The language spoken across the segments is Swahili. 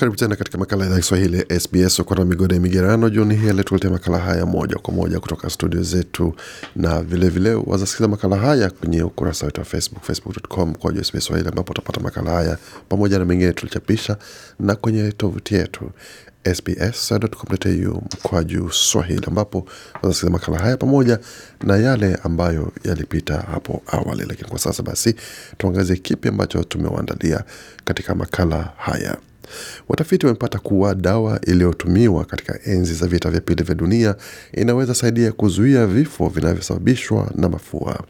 Karibu tena katika makala ya idhaa Kiswahili ya SBS uko na ya migerano. Jioni hii alituletea makala haya moja kwa moja kutoka studio zetu, na vilevile wazasikiza makala haya kwenye ukurasa wetu wa Facebook, facebook.com kwa SBS Swahili, ambapo utapata makala haya pamoja na mengine tulichapisha, na kwenye tovuti yetu sbs.com.au juu Swahili, ambapo wazasikiza makala haya pamoja na yale ambayo yalipita hapo awali. Lakini kwa sasa basi, tuangazie kipi ambacho tumewaandalia katika makala haya. Watafiti wamepata kuwa dawa iliyotumiwa katika enzi za vita vya pili vya dunia inaweza saidia kuzuia vifo vinavyosababishwa na mafua.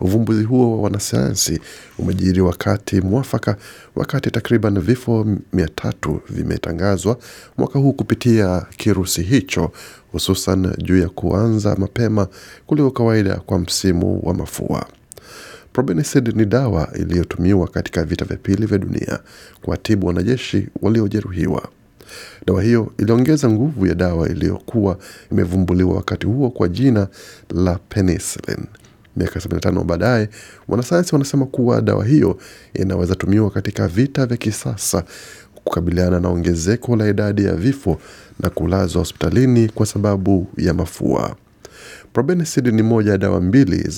Uvumbuzi huo wa wanasayansi umejiri wakati mwafaka, wakati takriban vifo mia tatu vimetangazwa mwaka huu kupitia kirusi hicho, hususan juu ya kuanza mapema kuliko kawaida kwa msimu wa mafua. Probenicid ni dawa iliyotumiwa katika vita vya pili vya dunia kuwatibu wanajeshi waliojeruhiwa. Dawa hiyo iliongeza nguvu ya dawa iliyokuwa imevumbuliwa wakati huo kwa jina la penicillin. Miaka 75 baadaye, wanasayansi wanasema kuwa dawa hiyo inaweza tumiwa katika vita vya kisasa kukabiliana na ongezeko la idadi ya vifo na kulazwa hospitalini kwa sababu ya mafua. Probenecid ni moja ya dawa mbili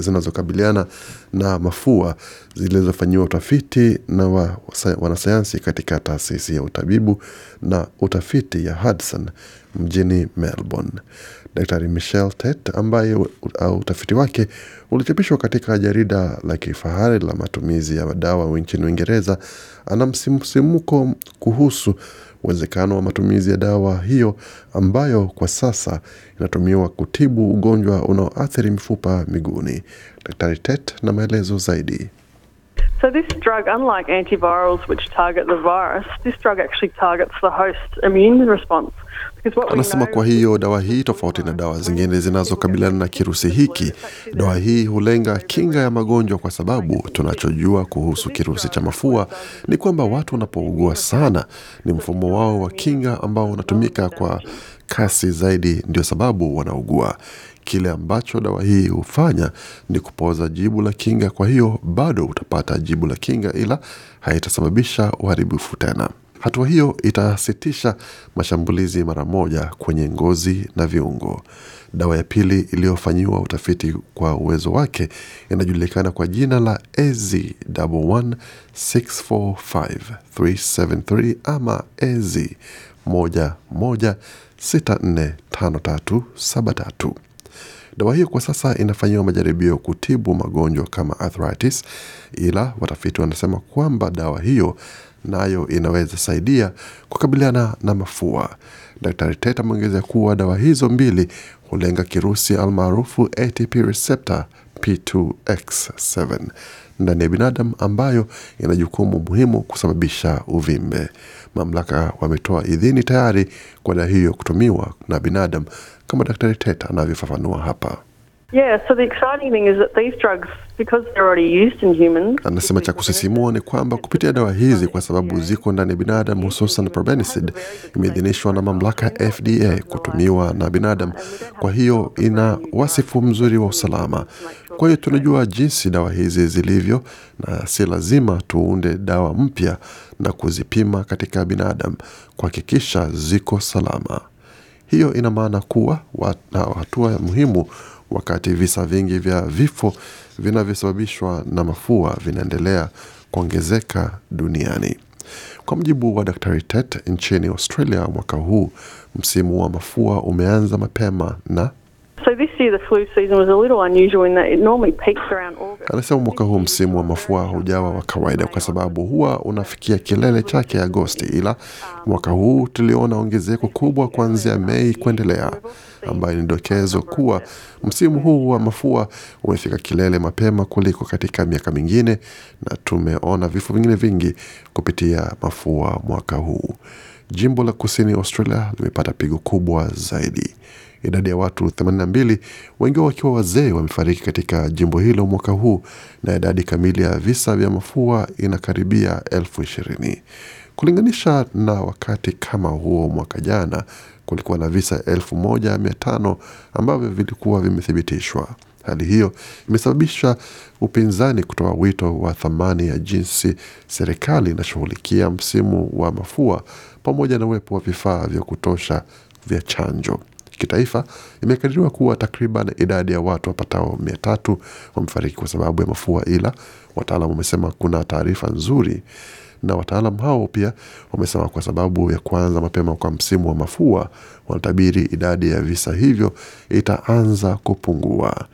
zinazokabiliana na mafua zilizofanyiwa utafiti na wa, wanasayansi katika taasisi ya utabibu na utafiti ya Hudson mjini Melbourne. Daktari michel Tet ambaye utafiti wake ulichapishwa katika jarida la kifahari la matumizi ya dawa nchini Uingereza ana msimuko kuhusu uwezekano wa matumizi ya dawa hiyo ambayo kwa sasa inatumiwa kutibu ugonjwa unaoathiri mifupa miguuni. Daktari Tet na maelezo zaidi. So, this drug, unlike antivirals which target the virus, this drug actually targets the host immune response. Anasema kwa hiyo dawa hii, tofauti na dawa zingine zinazokabiliana na kirusi hiki, dawa hii hulenga kinga ya magonjwa, kwa sababu tunachojua kuhusu kirusi cha mafua ni kwamba watu wanapougua sana, ni mfumo wao wa kinga ambao unatumika kwa kasi zaidi, ndio sababu wanaugua. Kile ambacho dawa hii hufanya ni kupoza jibu la kinga, kwa hiyo bado utapata jibu la kinga, ila haitasababisha uharibifu tena. Hatua hiyo itasitisha mashambulizi mara moja kwenye ngozi na viungo. Dawa ya pili iliyofanyiwa utafiti kwa uwezo wake inajulikana kwa jina la AZ1164537 ama az 645373. Dawa hiyo kwa sasa inafanyiwa majaribio kutibu magonjwa kama arthritis, ila watafiti wanasema kwamba dawa hiyo nayo inaweza saidia kukabiliana na mafua. Daktari Tet ameongezea kuwa dawa hizo mbili hulenga kirusi almaarufu ATP receptor P2X7 ndani ya binadamu ambayo ina jukumu muhimu kusababisha uvimbe. Mamlaka wametoa idhini tayari kwa dawa hiyo kutumiwa na binadamu kama Daktari Teta anavyofafanua hapa. Yeah, so the exciting thing is that these drugs, because they're already used in humans. Anasema cha kusisimua ni kwamba kupitia dawa hizi kwa sababu ziko ndani ya binadamu, hususan probenicid imeidhinishwa na mamlaka FDA kutumiwa na binadamu, kwa hiyo ina wasifu mzuri wa usalama. Kwa hiyo tunajua jinsi dawa hizi zilivyo, na si lazima tuunde dawa mpya na kuzipima katika binadamu kuhakikisha ziko salama. Hiyo ina maana kuwa na hatua muhimu wakati visa vingi vya vifo vinavyosababishwa na mafua vinaendelea kuongezeka duniani. Kwa mjibu wa Dr Tet nchini Australia, mwaka huu msimu wa mafua umeanza mapema na Anasema mwaka huu msimu wa mafua hujawa wa kawaida kwa sababu huwa unafikia kilele chake Agosti, ila mwaka huu tuliona ongezeko kubwa kuanzia Mei kuendelea, ambayo ni dokezo kuwa msimu huu wa mafua umefika kilele mapema kuliko katika miaka mingine, na tumeona vifo vingine vingi kupitia mafua mwaka huu. Jimbo la kusini Australia limepata pigo kubwa zaidi. Idadi ya watu 82 wengi wao wakiwa wazee wamefariki katika jimbo hilo mwaka huu, na idadi kamili ya visa vya mafua inakaribia elfu ishirini kulinganisha na wakati kama huo mwaka jana. Kulikuwa na visa elfu moja mia tano ambavyo vilikuwa vimethibitishwa. Hali hiyo imesababisha upinzani kutoa wito wa thamani ya jinsi serikali inashughulikia msimu wa mafua pamoja na uwepo wa vifaa vya kutosha vya chanjo. Kitaifa imekadiriwa kuwa takriban idadi ya watu wapatao mia tatu wamefariki kwa sababu ya mafua, ila wataalam wamesema kuna taarifa nzuri, na wataalam hao pia wamesema kwa sababu ya kuanza mapema kwa msimu wa mafua, wanatabiri idadi ya visa hivyo itaanza kupungua.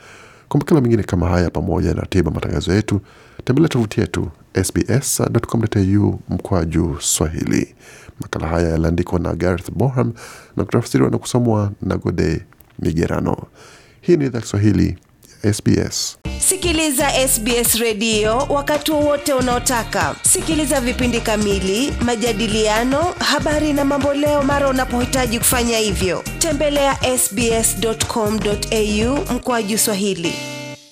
Kwa makala mengine kama haya pamoja na tiba matangazo yetu, tembelea tovuti yetu sbs.com.au mkwa juu Swahili. Makala haya yaliandikwa na Gareth Boham na kutafsiriwa na kusomwa na Gode Migerano. Hii ni idhaa Kiswahili SBS. Sikiliza SBS redio wakati wowote unaotaka. Sikiliza vipindi kamili, majadiliano, habari na mamboleo mara unapohitaji kufanya hivyo. Tembelea ya sbs.com.au mkoaju Swahili.